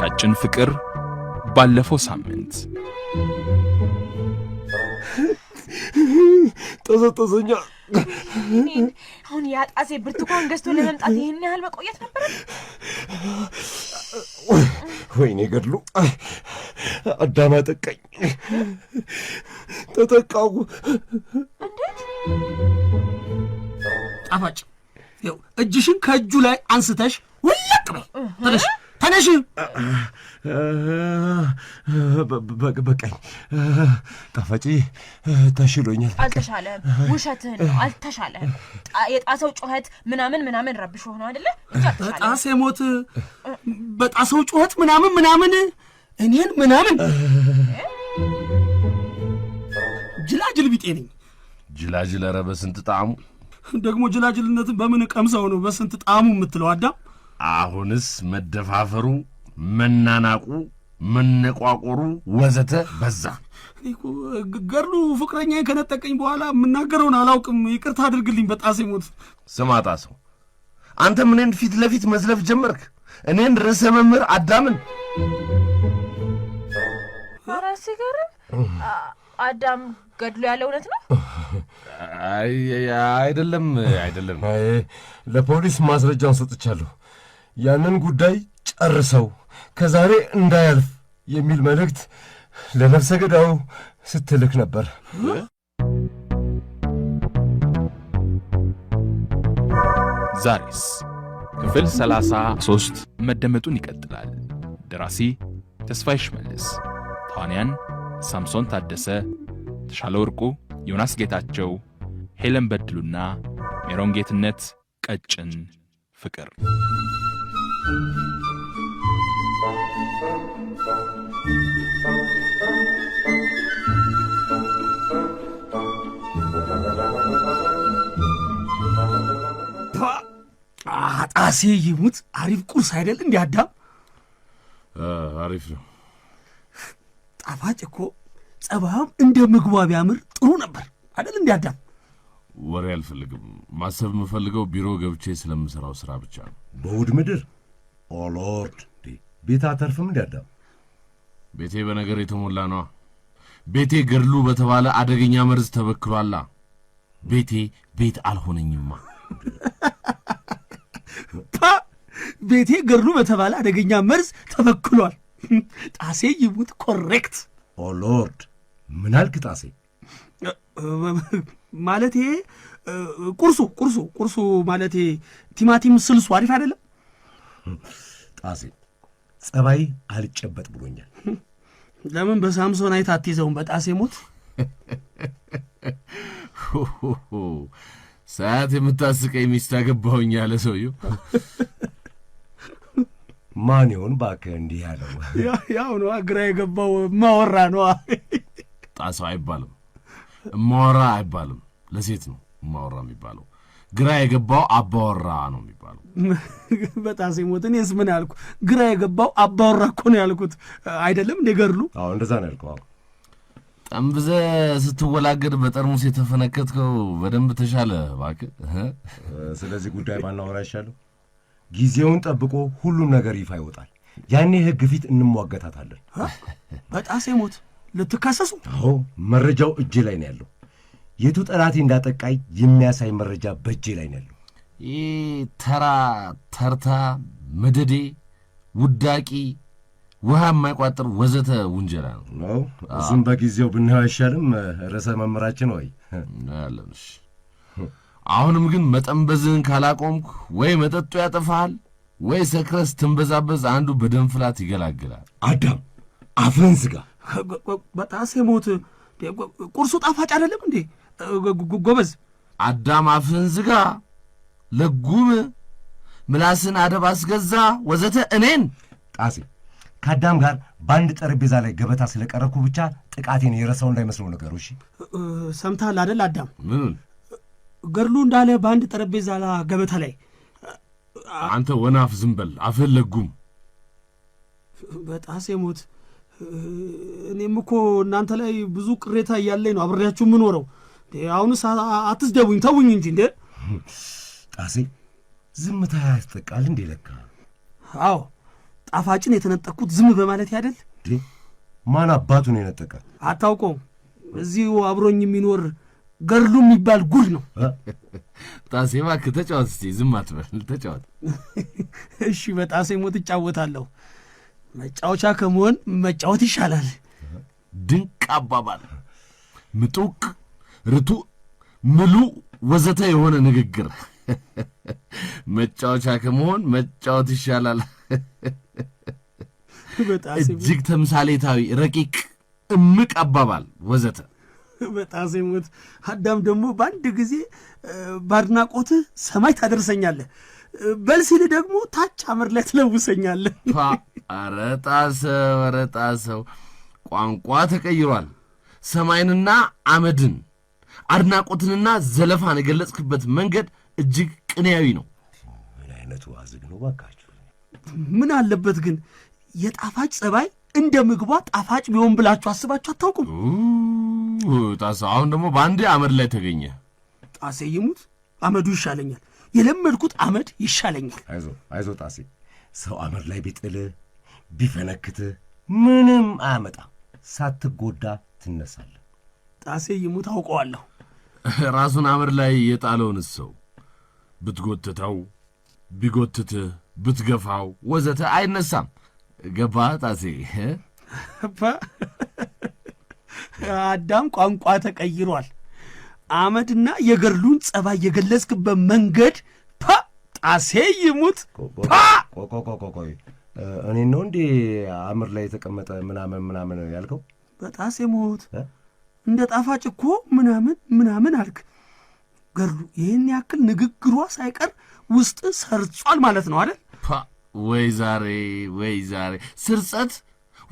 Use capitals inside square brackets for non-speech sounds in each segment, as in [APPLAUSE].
ቀጭን ፍቅር ባለፈው ሳምንት ጠዘጠዘኛ። አሁን የአጣሴ ብርቱካን ገዝቶ ለመምጣት ይህን ያህል መቆየት ነበር። ወይኔ ገድሉ፣ አዳማ ጠቀኝ፣ ተጠቃው። እንዴት ጣፋጭ እጅሽን ከእጁ ላይ አንስተሽ ውለቅ በይ። ተነሽ ተነሽ። በቀኝ ጣፋጭ ተሽሎኛል። አልተሻለም። ውሸትህን ነው። አልተሻለም። የጣሰው ጩኸት ምናምን ምናምን ረብሽ ሆነ አደለ? በጣሴ ሞት በጣሰው ጩኸት ምናምን ምናምን እኔን ምናምን ጅላጅል ቢጤ ነኝ። ጅላጅል ኧረ በስንት ጣዕሙ ደግሞ ጅላጅልነትን በምን ቀምሰው ነው በስንት ጣሙ የምትለው አዳም? አሁንስ መደፋፈሩ፣ መናናቁ፣ መነቋቆሩ ወዘተ በዛ። ገድሉ ፍቅረኛዬን ከነጠቀኝ በኋላ የምናገረውን አላውቅም። ይቅርታ አድርግልኝ በጣሴ ሞት። ስማጣ ሰው አንተ ምንን ፊት ለፊት መዝለፍ ጀመርክ። እኔን ርዕሰ መምህር አዳምን ኧረ ሲገርም አዳም ገድሎ ያለ እውነት ነው አይደለም አይደለም፣ ለፖሊስ ማስረጃውን ሰጥቻለሁ። ያንን ጉዳይ ጨርሰው ከዛሬ እንዳያልፍ የሚል መልእክት ለነፍሰ ገዳው ስትልክ ነበር። ዛሬስ ክፍል 33 መደመጡን ይቀጥላል። ደራሲ ተስፋይሽ መልስ ተዋንያን ሳምሶን ታደሰ፣ ተሻለ ወርቁ፣ ዮናስ ጌታቸው ሄለን በድሉና ሜሮን ጌትነት ቀጭን ፍቅር ጣሴ ይሙት አሪፍ ቁርስ አይደል? እንዲ አዳም አሪፍ ነው። ጣፋጭ እኮ ጸባዩም እንደ ምግቧ ቢያምር ጥሩ ነበር አይደል? እንዲ አዳም ወሬ አልፈልግም። ማሰብ የምፈልገው ቢሮ ገብቼ ስለምሠራው ሥራ ብቻ ነው። በውድ ምድር ኦሎርድ ቤት አተርፍም እንዲያዳም ቤቴ በነገር የተሞላ ነዋ። ቤቴ ገድሉ በተባለ አደገኛ መርዝ ተበክሏላ። ቤቴ ቤት አልሆነኝማ። ፓ ቤቴ ገድሉ በተባለ አደገኛ መርዝ ተበክሏል። ጣሴ ይሙት ኮሬክት። ኦሎርድ ምን አልክ ጣሴ? ማለት ይሄ ቁርሱ ቁርሱ ቁርሱ ማለት ቲማቲም ስልሱ አሪፍ አይደለም። ጣሴ ጸባይ አልጨበጥ ብሎኛል። ለምን በሳምሶን አይት አትይዘውም? በጣሴ ሞት ሰዓት የምታስቀኝ ሚስት አገባሁኝ ያለ ሰውዬው ማን ይሆን እባክህ? እንዲህ ያለው ያው ነዋ፣ ግራ የገባው ማወራ ነዋ። ጣሰው አይባልም እማወራ አይባልም፣ ለሴት ነው እማወራ የሚባለው። ግራ የገባው አባወራ ነው የሚባለው። [LAUGHS] በጣሴ ሞት እኔስ ምን ያልኩ ግራ የገባው አባወራ እኮ ነው ያልኩት። አይደለም እንደ ገርሉ? አዎ እንደዛ ነው ያልኩ። ጠንብዘ ስትወላገድ በጠርሙስ የተፈነከትከው በደንብ ተሻለ እባክህ። ስለዚህ ጉዳይ ባናወራ ይሻለሁ ጊዜውን ጠብቆ ሁሉም ነገር ይፋ ይወጣል። ያኔ ህግ ፊት እንሟገታታለን። በጣሴ ሞት ልትካሰሱ? አዎ መረጃው እጄ ላይ ነው ያለው። የቱ ጠላቴ እንዳጠቃኝ የሚያሳይ መረጃ በእጄ ላይ ነው ያለው። ይህ ተራ ተርታ መደዴ፣ ውዳቂ፣ ውሃ የማይቋጥር ወዘተ ውንጀላ ነው። እሱም በጊዜው ብናየው አይሻልም? ርዕሰ መምህራችን ወይ ያለንሽ። አሁንም ግን መጠንበዝህን ካላቆምክ ወይ መጠጡ ያጠፋሃል ወይ ሰክረስ ትንበዛበዝ አንዱ በደም ፍላት ይገላግላል። አዳም አፍረን ስጋ በጣም ሞት ቁርሱ ጣፋጭ አይደለም እንዴ ጎበዝ? አዳም አፍህን ዝጋ፣ ለጉም፣ ምላስን አደብ አስገዛ፣ ወዘተ እኔን ጣሴ ከአዳም ጋር በአንድ ጠረጴዛ ላይ ገበታ ስለቀረብኩ ብቻ ጥቃቴን የረሳው እንዳይመስለው ነገሩ። እሺ ሰምታል አደል? አዳም ገድሉ እንዳለ በአንድ ጠረጴዛ ላ ገበታ ላይ አንተ ወናፍ ዝም በል፣ አፍህን ለጉም። በጣሴ ሞት እኔም እኮ እናንተ ላይ ብዙ ቅሬታ እያለኝ ነው አብሬያችሁ የምኖረው። አሁንስ አትስደቡኝ፣ ተውኝ እንጂ እንዴ። ጣሴ ዝምታ ያስጠቃል እንዴ? ለካ አዎ፣ ጣፋጭን የተነጠቅኩት ዝም በማለት ያደል። ማን አባቱ ነው የነጠቀ? አታውቀውም። እዚሁ አብሮኝ የሚኖር ገርሉ የሚባል ጉድ ነው። ጣሴ እባክህ ተጫወት እስኪ፣ ዝም አትበል፣ ተጫወት። እሺ፣ በጣሴ ሞት እጫወታለሁ። መጫወቻ ከመሆን መጫወት ይሻላል። ድንቅ አባባል፣ ምጡቅ፣ ርቱ፣ ምሉ ወዘተ የሆነ ንግግር። መጫወቻ ከመሆን መጫወት ይሻላል። እጅግ ተምሳሌታዊ፣ ረቂቅ፣ እምቅ አባባል ወዘተ። በጣሴ ሞት አዳም ደግሞ በአንድ ጊዜ በአድናቆትህ ሰማይ ታደርሰኛለህ በልሲል ደግሞ ታች አመድ ላይ ትለውሰኛለን። ኧረ ጣሰው ኧረ ጣሰው ቋንቋ ተቀይሯል። ሰማይንና አመድን አድናቆትንና ዘለፋን የገለጽክበት መንገድ እጅግ ቅንያዊ ነው። ምን አይነቱ አዝግ ነው! ባካችሁ። ምን አለበት ግን የጣፋጭ ጸባይ እንደ ምግቧ ጣፋጭ ቢሆን ብላችሁ አስባችሁ አታውቁም? ጣሰው አሁን ደግሞ በአንዴ አመድ ላይ ተገኘ። ጣሴ ይሙት አመዱ ይሻለኛል የለመድኩት አመድ ይሻለኛል። አይዞ አይዞ ጣሴ፣ ሰው አመድ ላይ ቢጥልህ ቢፈነክትህ ምንም አያመጣ፣ ሳትጎዳ ትነሳለህ። ጣሴ ይሙት አውቀዋለሁ። ራሱን አመድ ላይ የጣለውን ሰው ብትጎትተው፣ ቢጎትትህ፣ ብትገፋው ወዘተ አይነሳም። ገባህ ጣሴ? አዳም ቋንቋ ተቀይሯል። አመድና የገድሉን ጸባይ የገለጽክበት መንገድ ፓ ጣሴ ይሙት ቆይ እኔ ነው እንዴ አምር ላይ የተቀመጠ ምናምን ምናምን ያልከው? በጣሴ ሞት እንደ ጣፋጭ እኮ ምናምን ምናምን አልክ። ገድሉ ይህን ያክል ንግግሯ ሳይቀር ውስጥ ሰርጿል ማለት ነው አይደል? ወይ ዛሬ ወይ ዛሬ ስርጸት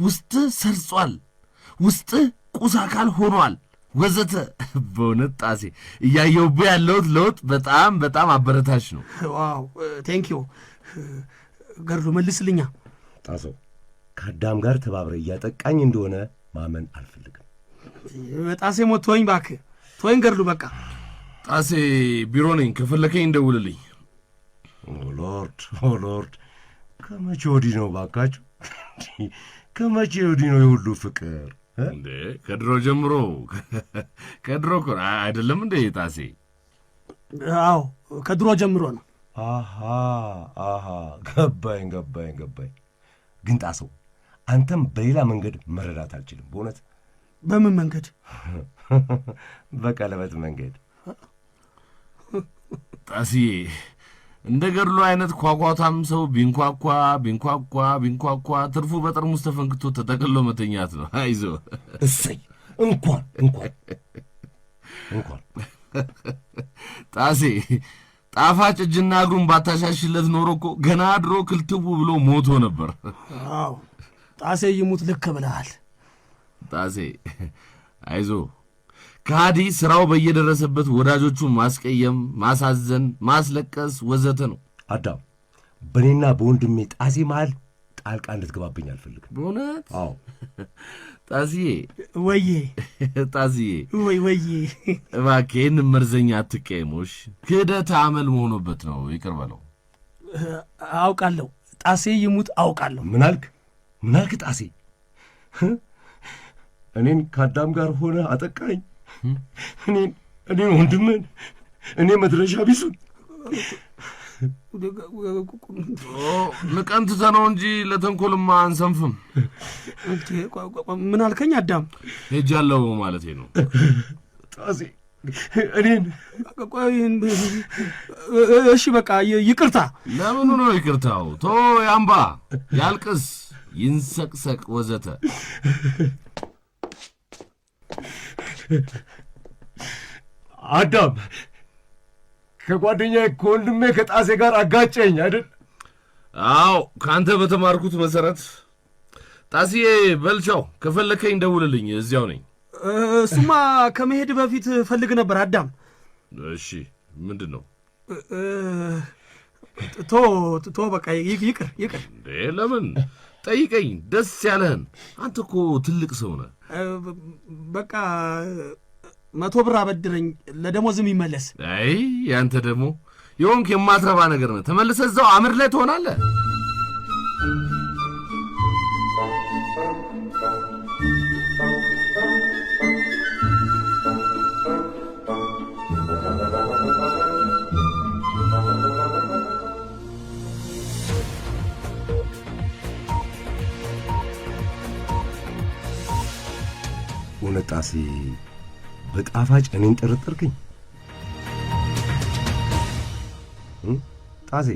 ውስጥ ሰርጿል፣ ውስጥ ቁስ አካል ሆኗል። ወዘተ [LAUGHS] በእውነት ጣሴ እያየውብ ያለውት ለውጥ በጣም በጣም አበረታች ነው። ዋው ቴንኪዩ መልስልኛ። ጣሰው ከአዳም ጋር ተባብረ እያጠቃኝ እንደሆነ ማመን አልፈልግም። ጣሴ ሞት ተወኝ ባክ ተወኝ ገርዶ። በቃ። ጣሴ ቢሮ ነኝ፣ ከፈለከኝ እንደውልልኝ። ሎርድ ሎርድ ከመቼ ወዲህ ነው ባካችሁ፣ ከመቼ ወዲህ ነው የሁሉ ፍቅር እንዴ ከድሮ ጀምሮ [LAUGHS] ከድሮ እኮ አይደለም እንዴ ጣሴ? አዎ ከድሮ ጀምሮ ነው። አሃ አሃ ገባኝ ገባኝ ገባኝ። ግን ጣሰው አንተም በሌላ መንገድ መረዳት አልችልም በእውነት። በምን መንገድ? [LAUGHS] በቀለበት መንገድ ጣስዬ እንደ ገድሎ አይነት ኳኳታም ሰው ቢንኳኳ ቢንኳኳ ቢንኳኳ ትርፉ በጠርሙስ ተፈንክቶ ተጠቅሎ መተኛት ነው። አይዞ እሰይ እንኳን እንኳን እንኳን ጣሴ ጣፋጭ እጅና እግሩን ባታሻሽለት ኖሮ እኮ ገና ድሮ ክልትቡ ብሎ ሞቶ ነበር። ጣሴ ይሙት፣ ልክ ብለሃል ጣሴ አይዞ ከሃዲ ስራው በየደረሰበት ወዳጆቹ ማስቀየም፣ ማሳዘን፣ ማስለቀስ ወዘተ ነው። አዳም በእኔና በወንድሜ ጣሴ መሃል ጣልቃ እንድትገባብኝ አልፈልግም። በእውነት አዎ። [LAUGHS] ጣስዬ ወዬ፣ [LAUGHS] ጣስዬ ወይ ወዬ፣ እባክህ ይህን መርዘኛ አትቀየሞሽ። ክህደት አመል መሆኑበት ነው። ይቅር በለው። አውቃለሁ ጣሴ ይሙት አውቃለሁ። ምን አልክ? ምን አልክ ጣሴ? እኔን ከአዳም ጋር ሆነ አጠቃኝ። እኔ ወንድምን እኔ መድረሻ ቢሱን ንቀን ትተህ ነው እንጂ ለተንኮልማ አንሰንፍም። ምን አልከኝ አዳም? ሄጃለሁ ማለቴ ነው ጣሴ እኔን እሺ በቃ ይቅርታ። ለምኑ ነው ይቅርታው? ቶ ያምባ ያልቅስ፣ ይንሰቅሰቅ፣ ወዘተ አዳም ከጓደኛ ከወንድሜ ከጣሴ ጋር አጋጨኝ አይደል? አዎ፣ ከአንተ በተማርኩት መሰረት ጣሴ በልቻው፣ ከፈለከኝ ደውልልኝ፣ እዚያው ነኝ። እሱማ ከመሄድ በፊት ፈልግ ነበር አዳም። እሺ፣ ምንድን ነው? ቶ ቶ በቃ ይቅር ይቅር። ለምን ጠይቀኝ፣ ደስ ያለህን። አንተ እኮ ትልቅ ሰው ነህ። በቃ መቶ ብር አበድረኝ ለደሞዝም ይመለስ። አይ ያንተ ደግሞ የሆንክ የማትረባ ነገር ነህ። ተመልሰህ እዛው አምር ላይ ትሆናለህ። ሆነጣሴ በጣፋጭ እኔን ጠረጠርክኝ ጣሴ?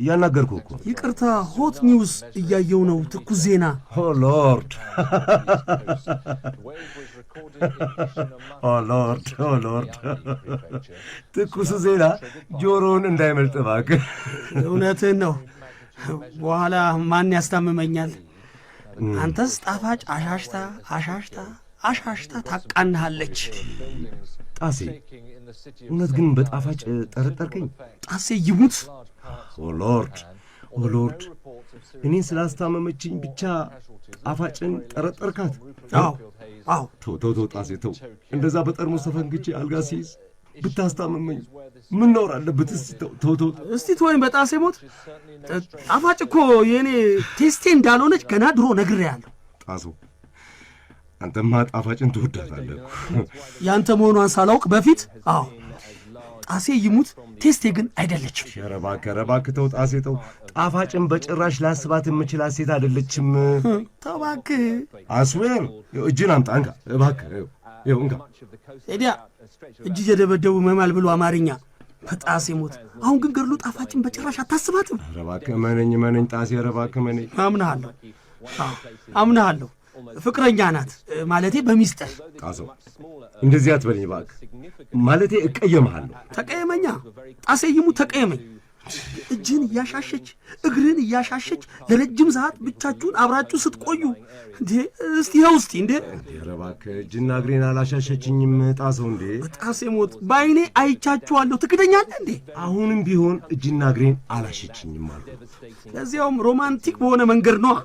እያናገርኩ እኮ ይቅርታ፣ ሆት ኒውስ እያየው ነው። ትኩስ ዜና። ኦ ሎርድ፣ ኦ ሎርድ፣ ኦ ሎርድ! ትኩስ ዜና ጆሮውን እንዳይመልጥ እባክህ። እውነትህን ነው። በኋላ ማን ያስታምመኛል? አንተስ ጣፋጭ አሻሽታ አሻሽታ አሻሽታ ታቃናሃለች። ጣሴ እውነት ግን በጣፋጭ ጠረጠርከኝ። ጣሴ ይሙት። ኦ ሎርድ፣ ሎርድ፣ እኔን ስላስታመመችኝ ብቻ ጣፋጭን ጠረጠርካት? አዎ፣ አዎ። ቶቶቶ ጣሴ ተው። እንደዛ በጠርሙስ ተፈንግቼ አልጋ ሲይዝ ብታስታመመኝ ምን ነውር አለበት? እስቲ ተው እስቲ ተወኝ። በጣሴ ሞት ጣፋጭ እኮ የእኔ ቴስቴ እንዳልሆነች ገና ድሮ ነግሬያለሁ። ጣሰው አንተማ ጣፋጭን ትወዳታለህ። ያንተ መሆኗን ሳላውቅ በፊት አዎ ጣሴ ይሙት ቴስቴ ግን አይደለችም። ኧረ እባክህ ኧረ እባክህ ተው ጣሴ ተው። ጣፋጭን በጭራሽ ላስባት የምችላት ሴት አይደለችም። ተው እባክህ። አስዌር እጅን አምጣ እንካ እባክህ። ይኸው እንካ። ኤዲያ እጅ እየደበደቡ መማል ብሎ አማርኛ በጣሴ ሞት። አሁን ግን ገድሎ ጣፋጭን በጭራሽ አታስባትም። ኧረ እባክህ መነኝ እመነኝ ጣሴ ኧረ እባክህ እመነኝ። አምናሃለሁ አምናሃለሁ ፍቅረኛ ናት ማለቴ በሚስጥር ጣሰው፣ እንደዚህ አትበልኝ እባክህ። ማለቴ እቀየምሃለሁ። ተቀየመኛ ጣሴ ይሙ ተቀየመኝ። እጅን እያሻሸች እግርን እያሻሸች ለረጅም ሰዓት ብቻችሁን አብራችሁ ስትቆዩ እንዴ! እስቲ ይኸው እስቲ እንዴ! ኧረ እጅና እግሬን አላሻሸችኝም። ጣሰው እንዴ! በጣሴ ሞት በአይኔ አይቻችኋለሁ። ትክደኛለህ እንዴ? አሁንም ቢሆን እጅና እግሬን አላሸችኝም አሉ። ለዚያውም ሮማንቲክ በሆነ መንገድ ነዋ።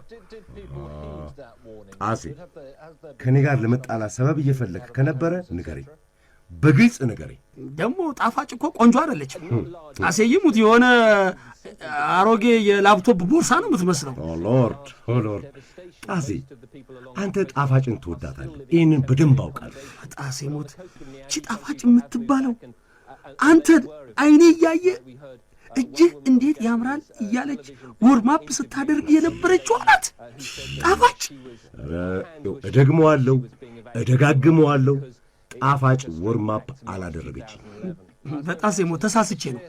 ጣሴ ከእኔ ጋር ለመጣላት ሰበብ እየፈለግህ ከነበረ ንገረኝ፣ በግልጽ ንገረኝ። ደግሞ ጣፋጭ እኮ ቆንጆ አደለች። አሴይሙት የሆነ አሮጌ የላፕቶፕ ቦርሳ ነው የምትመስለው። ሎርድ ሎርድ ጣሴ አንተ ጣፋጭን ትወዳታለህ። ይህንን በደንብ አውቃለሁ። ጣሴ ሞት ጣፋጭ የምትባለው አንተ አይኔ እያየ እጅህ እንዴት ያምራል እያለች ወርማፕ ስታደርግ የነበረችው አላት። ጣፋጭ እደግመዋለሁ፣ እደጋግመዋለሁ ጣፋጭ ወርማፕ አላደረገች። በጣሴ ሞ ተሳስቼ ነው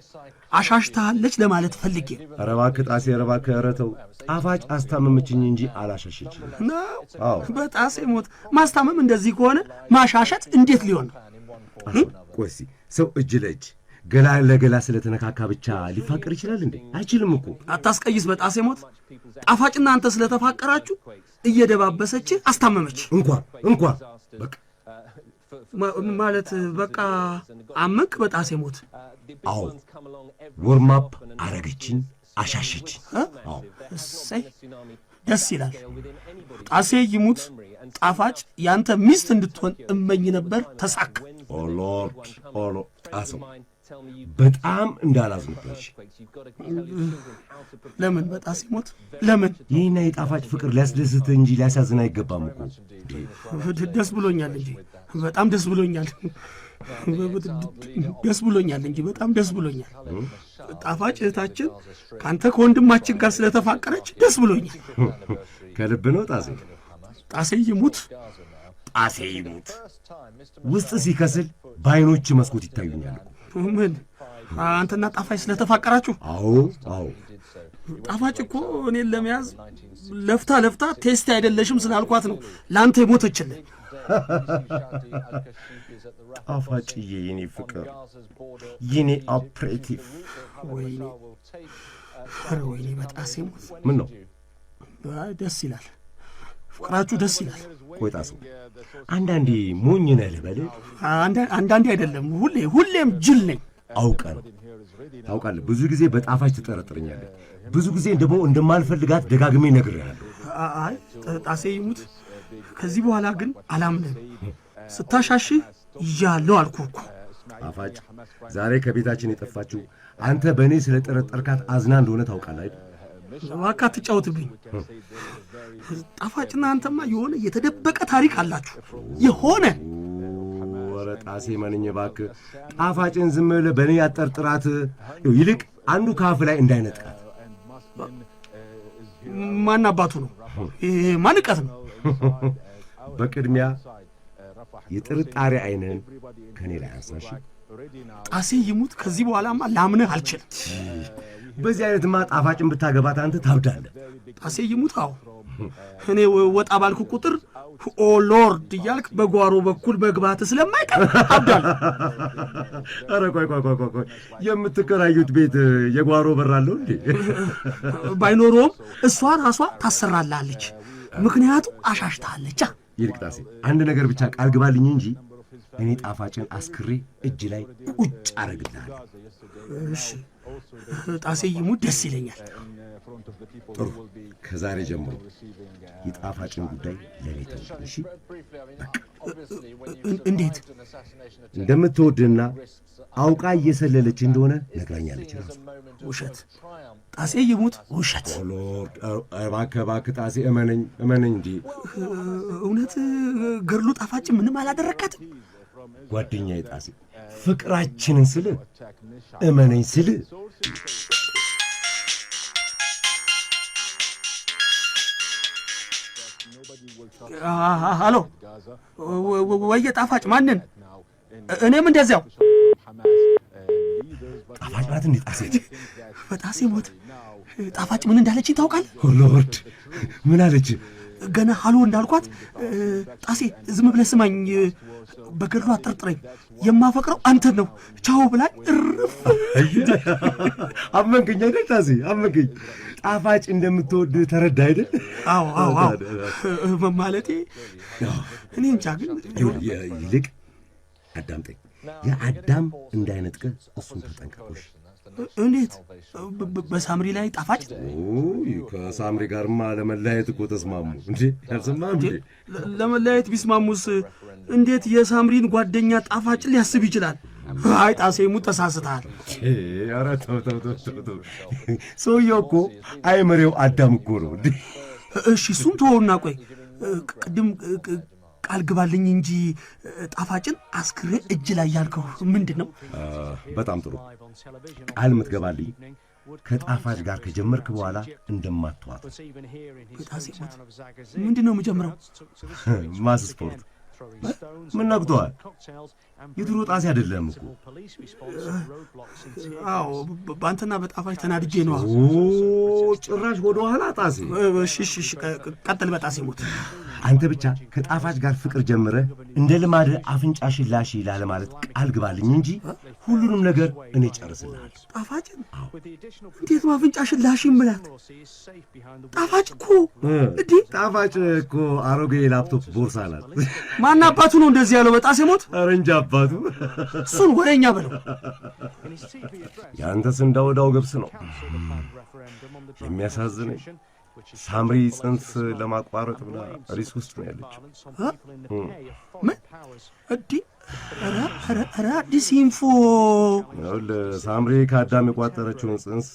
አሻሽታለች ለማለት ፈልጌ ኧረ እባክህ ጣሴ፣ ኧረ እባክህ፣ ኧረ ተው። ጣፋጭ አስታመመችኝ እንጂ አላሻሸች ነው። በጣሴ ሞት ማስታመም እንደዚህ ከሆነ ማሻሸት እንዴት ሊሆን ነው? ሰው እጅ ለእጅ ገላ ለገላ ስለተነካካ ብቻ ሊፋቀር ይችላል እንዴ? አይችልም እኮ አታስቀይስ። በጣሴ ሞት ጣፋጭና አንተ ስለተፋቀራችሁ እየደባበሰች አስታመመች። እንኳ እንኳ በቃ ማለት በቃ አመንክ በጣሴ ሞት? አዎ ወርማፕ አረገችኝ፣ አሻሸችኝ። እሰይ ደስ ይላል። ጣሴ ይሙት ጣፋጭ ያንተ ሚስት እንድትሆን እመኝ ነበር፣ ተሳካ። ኦሎርድ ኦሎ ጣሰው በጣም እንዳላዝንበች። ለምን በጣሴ ሞት ለምን? ይህና የጣፋጭ ፍቅር ሊያስደስት እንጂ ሊያሳዝን አይገባም እኮ። ደስ ብሎኛል እንጂ በጣም ደስ ብሎኛል። ደስ ብሎኛል እንጂ በጣም ደስ ብሎኛል። ጣፋጭ እህታችን ከአንተ ከወንድማችን ጋር ስለተፋቀረች ደስ ብሎኛል። [LAUGHS] ከልብ ነው ጣሴ። ጣሴ ይሙት፣ ጣሴ ይሙት። ውስጥ ሲከስል በአይኖች መስኮት ይታዩኛል። ምን አንተና ጣፋጭ ስለተፋቀራችሁ? አዎ አዎ። ጣፋጭ እኮ እኔን ለመያዝ ለፍታ ለፍታ ቴስት አይደለሽም ስላልኳት ነው ለአንተ የሞተችልን። ጣፋጭዬ የኔ ፍቅር የኔ አፕሬቲቭ። ወይኔ ኧረ ወይኔ በጣሴ ሞት። ምን ነው ደስ ይላል ፍቅራችሁ ደስ ይላል። ቆይ ጣሴ አንዳንዴ ሞኝ ነህ ልበል? አንዳንዴ አይደለም፣ ሁሌ ሁሌም ጅል ነኝ አውቀ ነው። ታውቃለህ፣ ብዙ ጊዜ በጣፋጭ ትጠረጥረኛለህ፣ ብዙ ጊዜ ደግሞ እንደማልፈልጋት ደጋግሜ ነግሬሃለሁ። አይ ጣሴ ይሙት ከዚህ በኋላ ግን አላምንም። ስታሻሽህ እያለው አልኩህ እኮ ጣፋጭ። ዛሬ ከቤታችን የጠፋችው አንተ በእኔ ስለ ጠረጠርካት አዝና እንደሆነ ታውቃለህ አይደል? ዋካ ትጫወትብኝ። ጣፋጭና አንተማ የሆነ የተደበቀ ታሪክ አላችሁ። የሆነ ኧረ ጣሴ መንኝ እባክህ ጣፋጭን ዝም ብለህ በእኔ ያጠርጥራት። ይልቅ አንዱ ካፍ ላይ እንዳይነጥቃት። ማን አባቱ ነው? ማንቀት ነው? [LAUGHS] በቅድሚያ የጥርጣሬ አይነን ከኔ ላይ አንሳሽ። ጣሴ ይሙት፣ ከዚህ በኋላማ ላምንህ አልችልም። በዚህ አይነትማ ጣፋጭን ብታገባት አንተ ታብዳለህ። ጣሴ ይሙት፣ አዎ እኔ ወጣ ባልኩ ቁጥር ኦ ሎርድ እያልክ በጓሮ በኩል መግባት ስለማይቀር አብዳል። ኧረ [LAUGHS] ቆይ ቆይ ቆይ ቆይ፣ የምትከራዩት ቤት የጓሮ በር አለው እንዴ? ባይኖረውም እሷ ራሷ ታሰራላለች። ምክንያቱ አሻሽታለቻ። ይልቅጣሴ አንድ ነገር ብቻ ቃል ግባልኝ እንጂ እኔ ጣፋጭን አስክሬ እጅ ላይ ቁጭ አረግልሃል። እሺ ጣሴ ይሙ ደስ ይለኛል። ጥሩ፣ ከዛሬ ጀምሮ የጣፋጭን ጉዳይ ለእኔ ተው። እሺ እንዴት እንደምትወድና አውቃ እየሰለለች እንደሆነ ነግራኛለች። ራሱ ውሸት አጼ ይሙት ውሸት እባክህ እባክህ ጣሴ እመነኝ እመነኝ እንጂ እውነት ገድሉ ጣፋጭ ምንም አላደረካትም ጓደኛዬ ጣሴ ፍቅራችንን ስል እመነኝ ስል አሎ ወየ ጣፋጭ ማንን እኔም እንደዚያው ጣፋጭ ማለት እንዴ ጣሴ በጣሴ ሞት ጣፋጭ ምን እንዳለች ይታውቃል። ሎርድ ምን አለች? ገና ሀሎ እንዳልኳት ጣሴ ዝም ብለህ ስማኝ፣ በገድሉ አጠርጥረኝ፣ የማፈቅረው አንተን ነው፣ ቻው ብላኝ እርፍ። አመንከኝ አይደል ጣሴ? አመንገኝ ጣፋጭ እንደምትወድ ተረዳ አይደል? አዎ አዎ አዎ። መማለቴ እኔ እንጃ። ግን ይልቅ አዳምጠኝ የአዳም እንዳይነጥቅህ እሱን ተጠንቀቁሽ። እንዴት? በሳምሪ ላይ ጣፋጭ ከሳምሪ ጋርማ ለመለያየት እኮ ተስማሙ። እንዴ ያልሰማ ለመለያየት ቢስማሙስ እንዴት የሳምሪን ጓደኛ ጣፋጭ ሊያስብ ይችላል? አይ ጣሴሙ ተሳስታል። ኧረ ተው ተው ተው፣ ሰውየው እኮ አይመሬው አዳም እኮ ነው። እሺ እሱም ተወውና፣ ቆይ ቅድም ቃል ግባልኝ እንጂ ጣፋጭን አስክሬ እጅ ላይ ያልከው ምንድን ነው? በጣም ጥሩ ቃል ምትገባልኝ ከጣፋጭ ጋር ከጀመርክ በኋላ እንደማትዋት። በጣሴት ምንድን ነው የምጀምረው? ማስ ስፖርት ምን የድሮ ጣሴ አይደለም እኮ። አዎ በአንተና በጣፋጭ ተናድጄ ነው። ጭራሽ ወደ ኋላ ጣሴ። ቀጥል። በጣሴ ሞት አንተ ብቻ ከጣፋጭ ጋር ፍቅር ጀምረ እንደ ልማድ አፍንጫ ሽላሽ ይላለ ማለት ቃል ግባልኝ እንጂ ሁሉንም ነገር እኔ ጨርስልሃል። ጣፋጭ እንዴት አፍንጫ ሽላሽ ምላት? ጣፋጭ እኮ እንዴ! ጣፋጭ እኮ አሮጌ ላፕቶፕ ቦርሳ ናት። ማን አባቱ ነው እንደዚህ ያለው? በጣሴ ሞት ረንጃ አባቱ እሱን ወሬኛ በለው። የአንተስ እንዳወዳው ገብስ ነው። የሚያሳዝነኝ ሳምሪ ጽንስ ለማቋረጥ ብላ ሪስ ውስጥ ነው ያለችው። ምን እዲ ኧረ አዲስ ኢንፎ። ሳምሪ ከአዳም የቋጠረችውን ጽንስ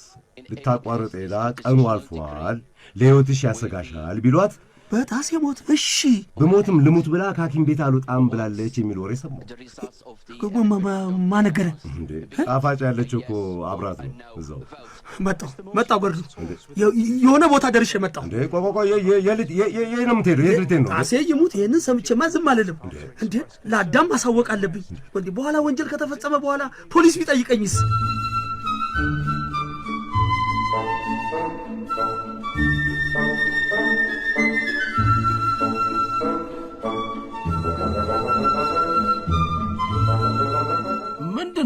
ልታቋርጥ ሄዳ ቀኑ አልፏል፣ ለሕይወትሽ ያሰጋሻል ቢሏት በጣሴ ሞት እሺ ብሞትም ልሙት ብላ ከሐኪም ቤት አልወጣም ብላለች የሚል ወሬ ሰማሁ። ማነገረ ጣፋጭ ያለችው እኮ አብራት ነው። እዛው መጣሁ መጣሁ በርዱ የሆነ ቦታ ደርሼ መጣሁ። ቆይ ቆይ የት ነው የምትሄዱ? የት ልትሄድ ነው? ጣሴ ይሙት ይህንን ሰምቼማ ዝም አልልም። እንዴ ለአዳም ማሳወቅ አለብኝ። ወንዴ በኋላ ወንጀል ከተፈጸመ በኋላ ፖሊስ ቢጠይቀኝስ? Thank you.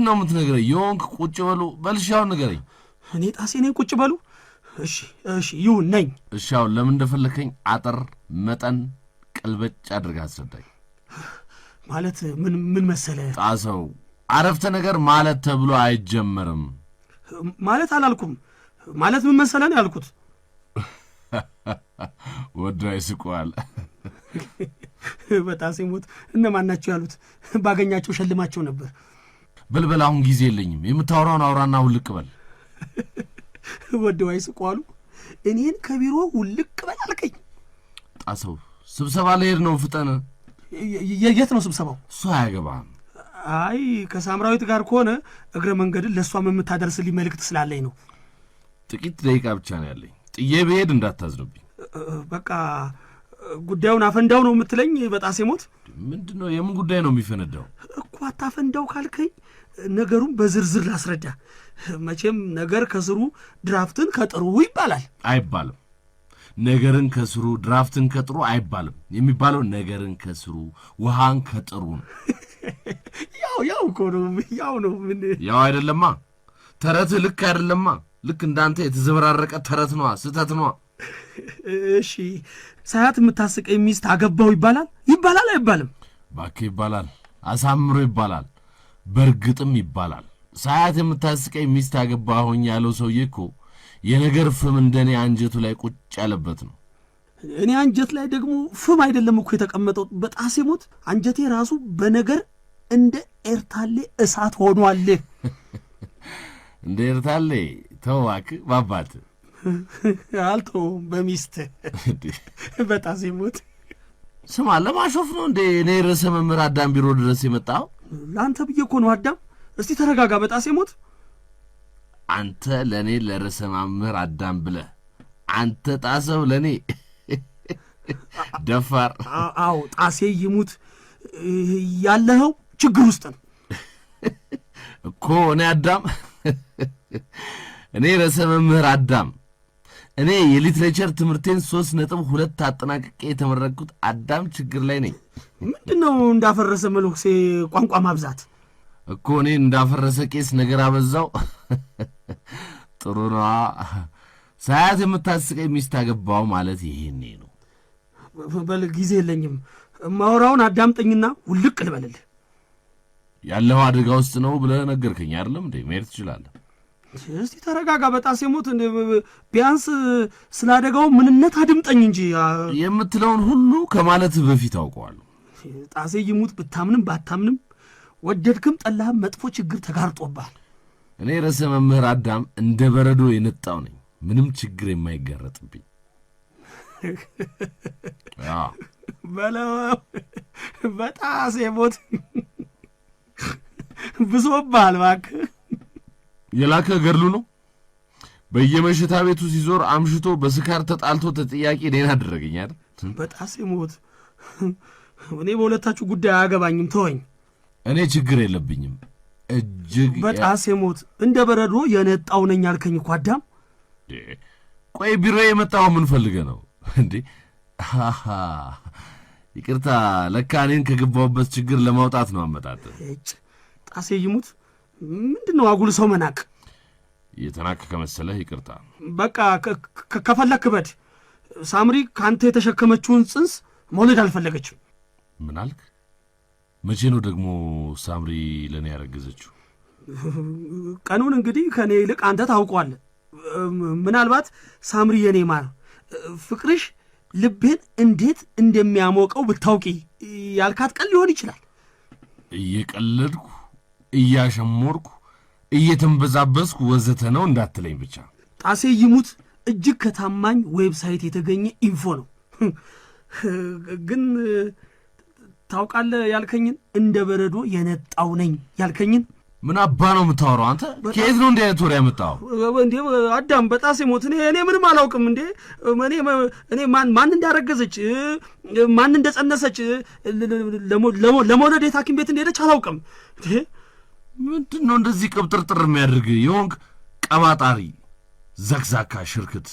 ምንድን ነው የምትነግረኝ? የሆንክ ቁጭ በሉ በልሻውን ንገረኝ። እኔ ጣሴ ነኝ ቁጭ በሉ። እሺ እሺ ይሁን ነኝ። እሺ አሁን ለምን እንደፈለከኝ አጠር መጠን ቀልበጭ አድርገህ አስረዳኝ። ማለት ምን ምን መሰለ ጣሰው፣ አረፍተ ነገር ማለት ተብሎ አይጀመርም። ማለት አላልኩም። ማለት ምን መሰለ ነው ያልኩት። [LAUGHS] ወዳ ይስቁዋል። በጣሴ ሞት እነማን ናቸው ያሉት? ባገኛቸው ሸልማቸው ነበር። በልበል አሁን ጊዜ የለኝም። የምታወራውን አውራና ውልቅ በል። [LAUGHS] ወደዋይ ስቋሉ? እኔን ከቢሮ ውልቅ በል አልከኝ። ጣሰው ስብሰባ ልሄድ ነው፣ ፍጠን። የት ነው ስብሰባው? እሱ አያገባም። አይ ከሳምራዊት ጋር ከሆነ እግረ መንገድን ለእሷም የምታደርስልኝ መልእክት ስላለኝ ነው። ጥቂት ደቂቃ ብቻ ነው ያለኝ። ጥዬ ብሄድ እንዳታዝነብኝ። በቃ ጉዳዩን አፈንዳው ነው የምትለኝ? በጣሴ ሞት ምንድን ነው? የምን ጉዳይ ነው የሚፈነዳው? እኮ አታፈንዳው ካልከኝ ነገሩን በዝርዝር ላስረዳ። መቼም ነገር ከስሩ ድራፍትን ከጥሩ ይባላል አይባልም? ነገርን ከስሩ ድራፍትን ከጥሩ አይባልም የሚባለው ነገርን ከስሩ ውሃን ከጥሩ ነው። [LAUGHS] ያው ያው እኮ ነው ያው ነው ምን ያው አይደለማ። ተረትህ ልክ አይደለማ። ልክ እንዳንተ የተዘበራረቀ ተረት ነዋ፣ ስህተት ነዋ። [LAUGHS] እሺ ሳያት የምታስቀኝ ሚስት አገባው ይባላል ይባላል አይባልም? እባክህ ይባላል፣ አሳምሮ ይባላል በእርግጥም ይባላል። ሰዓት የምታስቀኝ ሚስት አገባ ሆኝ ያለው ሰውዬ እኮ የነገር ፍም እንደኔ አንጀቱ ላይ ቁጭ ያለበት ነው። እኔ አንጀት ላይ ደግሞ ፍም አይደለም እኮ የተቀመጠው፣ በጣሴ ሞት አንጀቴ ራሱ በነገር እንደ ኤርታሌ እሳት ሆኗል። [LAUGHS] እንደ ኤርታሌ ተው እባክህ ባባት [LAUGHS] አልተውም። በሚስት [LAUGHS] በጣሴ ሞት ስማ፣ ለማሾፍ ነው እንደ እኔ ርዕሰ መምህር አዳም ቢሮ ድረስ የመጣው? ለአንተ ብዬ እኮ ነው አዳም። እስቲ ተረጋጋ በጣሴ ሞት። አንተ ለእኔ ለርዕሰ መምህር አዳም ብለህ አንተ ጣሰው ለእኔ ደፋር። አዎ ጣሴ ይሙት ያለኸው ችግር ውስጥ ነው እኮ እኔ አዳም እኔ ርዕሰ መምህር አዳም እኔ የሊትሬቸር ትምህርቴን ሶስት ነጥብ ሁለት አጠናቅቄ የተመረቅኩት አዳም ችግር ላይ ነኝ። ምንድን ነው እንዳፈረሰ መልኩሴ ቋንቋ ማብዛት እኮ እኔ እንዳፈረሰ ቄስ ነገር አበዛው። ጥሩ ነዋ። ሳያት የምታስቀኝ ሚስት አገባው ማለት ይሄኔ ነው። በል ጊዜ የለኝም። ማውራውን አዳምጠኝና ውልቅ ልበልልህ። ያለው አደጋ ውስጥ ነው ብለህ ነገርከኝ አይደለም እንዴ? መሄድ ትችላለህ። እስቲ ተረጋጋ። በጣሴ ሞት ቢያንስ ስለ አደጋው ምንነት አድምጠኝ እንጂ የምትለውን ሁሉ ከማለት በፊት አውቀዋለሁ። ጣሴ ይሙት ብታምንም ባታምንም ወደድክም ጠላህም መጥፎ ችግር ተጋርጦባል። እኔ ርዕሰ መምህር አዳም እንደ በረዶ የነጣው ነኝ፣ ምንም ችግር የማይጋረጥብኝ [LAUGHS] በለው። በጣሴ ሞት ብሶብሃል እባክህ የላከ ገድሉ ነው። በየመሸታ ቤቱ ሲዞር አምሽቶ በስካር ተጣልቶ ተጠያቂ እኔን አደረገኝ አይደል? በጣሴ ሞት እኔ በሁለታችሁ ጉዳይ አያገባኝም፣ ተወኝ። እኔ ችግር የለብኝም። እጅግ በጣሴ ሞት እንደ በረዶ የነጣው ነኝ አልከኝ እኮ አዳም። ቆይ ቢሮ የመጣው ምን ፈልገህ ነው እንዴ? ይቅርታ፣ ለካ እኔን ከገባሁበት ችግር ለማውጣት ነው አመጣጥ። ጣሴ ይሙት ምንድን ነው አጉል ሰው መናቅ? የተናቅ ከመሰለህ ይቅርታ። በቃ ከፈለክ ክበድ። ሳምሪ ከአንተ የተሸከመችውን ጽንስ መውለድ አልፈለገችም። ምን አልክ? መቼ ነው ደግሞ ሳምሪ ለእኔ ያረገዘችው? ቀኑን እንግዲህ ከእኔ ይልቅ አንተ ታውቋል። ምናልባት ሳምሪ የኔ ማር ፍቅርሽ ልቤን እንዴት እንደሚያሞቀው ብታውቂ ያልካት ቀን ሊሆን ይችላል። እየቀለድኩ እያሸሞርኩ እየተንበዛበስኩ ወዘተ ነው እንዳትለኝ ብቻ። ጣሴ ይሙት እጅግ ከታማኝ ዌብሳይት የተገኘ ኢንፎ ነው። [LAUGHS] ግን ታውቃለህ ያልከኝን እንደ በረዶ የነጣው ነኝ ያልከኝን ምን አባ ነው የምታወራው አንተ? ከየት ነው እንደ አይነት ወሬ ያመጣኸው? እንዴ አዳም በጣሴ ሞት እኔ ምንም አላውቅም። እንዴ እኔ እኔ ማን ማን እንዳረገዘች ማን እንደጸነሰች ለመውለድ የት ሐኪም ቤት እንደሄደች አላውቅም። ምንድን ነው እንደዚህ ቅብጥርጥር የሚያደርግ የሆንክ ቀባጣሪ፣ ዘግዛካ፣ ሽርክት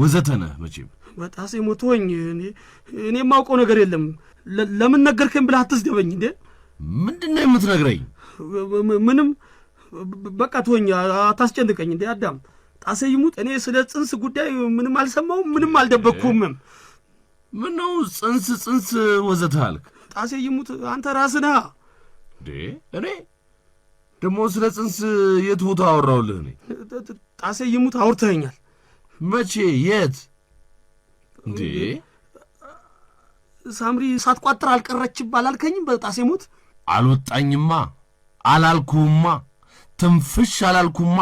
ወዘተ መቼም። በጣሴ ሞትወኝ እኔ የማውቀው ነገር የለም። ለምን ነገርከኝ ብለህ አትስደበኝ እንዴ። ምንድን ነው የምትነግረኝ? ምንም በቃ ትወኝ፣ አታስጨንቀኝ እንዴ አዳም። ጣሴ ይሙት እኔ ስለ ጽንስ ጉዳይ ምንም አልሰማውም፣ ምንም አልደበቅኩምም። ምነው ጽንስ ጽንስ ወዘተ አልክ? ጣሴ ይሙት አንተ ራስ ነህ እንዴ እኔ ደግሞ ስለ ጽንስ የት ቦታ አወራውልህ? እኔ ጣሴ ይሙት አውርተኸኛል። መቼ? የት? እንዴ ሳምሪ ሳትቋጥር አልቀረችም አላልከኝም? በጣሴ ሞት አልወጣኝማ፣ አላልኩማ፣ ትንፍሽ አላልኩማ።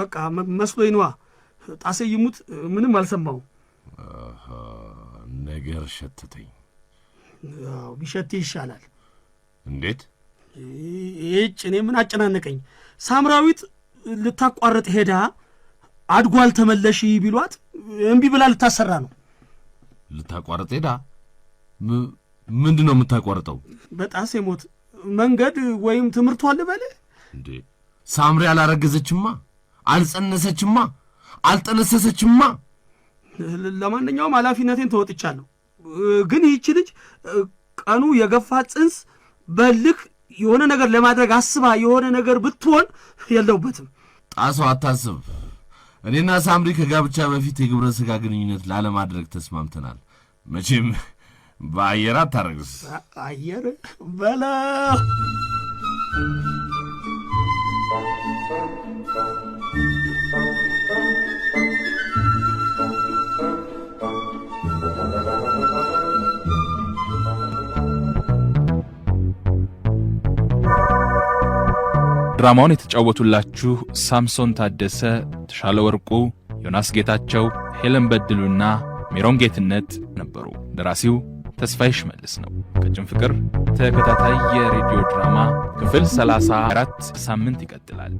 በቃ መስሎኝ ነዋ። ጣሴ ይሙት ምንም አልሰማሁም። ነገር ሸተተኝ። ቢሸት ይሻላል። እንዴት ይጭ እኔ ምን አጨናነቀኝ። ሳምራዊት ልታቋርጥ ሄዳ አድጓል ተመለሽ ቢሏት እምቢ ብላ ልታሰራ ነው። ልታቋርጥ ሄዳ ምንድን ነው የምታቋርጠው? በጣሴ ሞት መንገድ ወይም ትምህርቷ ልበልህ እንዴ? ሳምሪ አላረገዘችማ፣ አልጸነሰችማ፣ አልጠነሰሰችማ። ለማንኛውም ኃላፊነቴን ተወጥቻለሁ። ግን ይቺ ልጅ ቀኑ የገፋ ጽንስ በልክ የሆነ ነገር ለማድረግ አስባ የሆነ ነገር ብትሆን የለውበትም። ጣሶ አታስብ። እኔና ሳምሪ ከጋብቻ በፊት የግብረ ስጋ ግንኙነት ላለማድረግ ተስማምተናል። መቼም በአየር አታረግስ። አየር በላ ድራማውን የተጫወቱላችሁ ሳምሶን ታደሰ፣ ተሻለ ወርቁ፣ ዮናስ ጌታቸው፣ ሄለን በድሉና ሜሮን ጌትነት ነበሩ። ደራሲው ተስፋዬ ሽመልስ ነው። ቀጭን ፍቅር ተከታታይ የሬዲዮ ድራማ ክፍል 34 ሳምንት ይቀጥላል።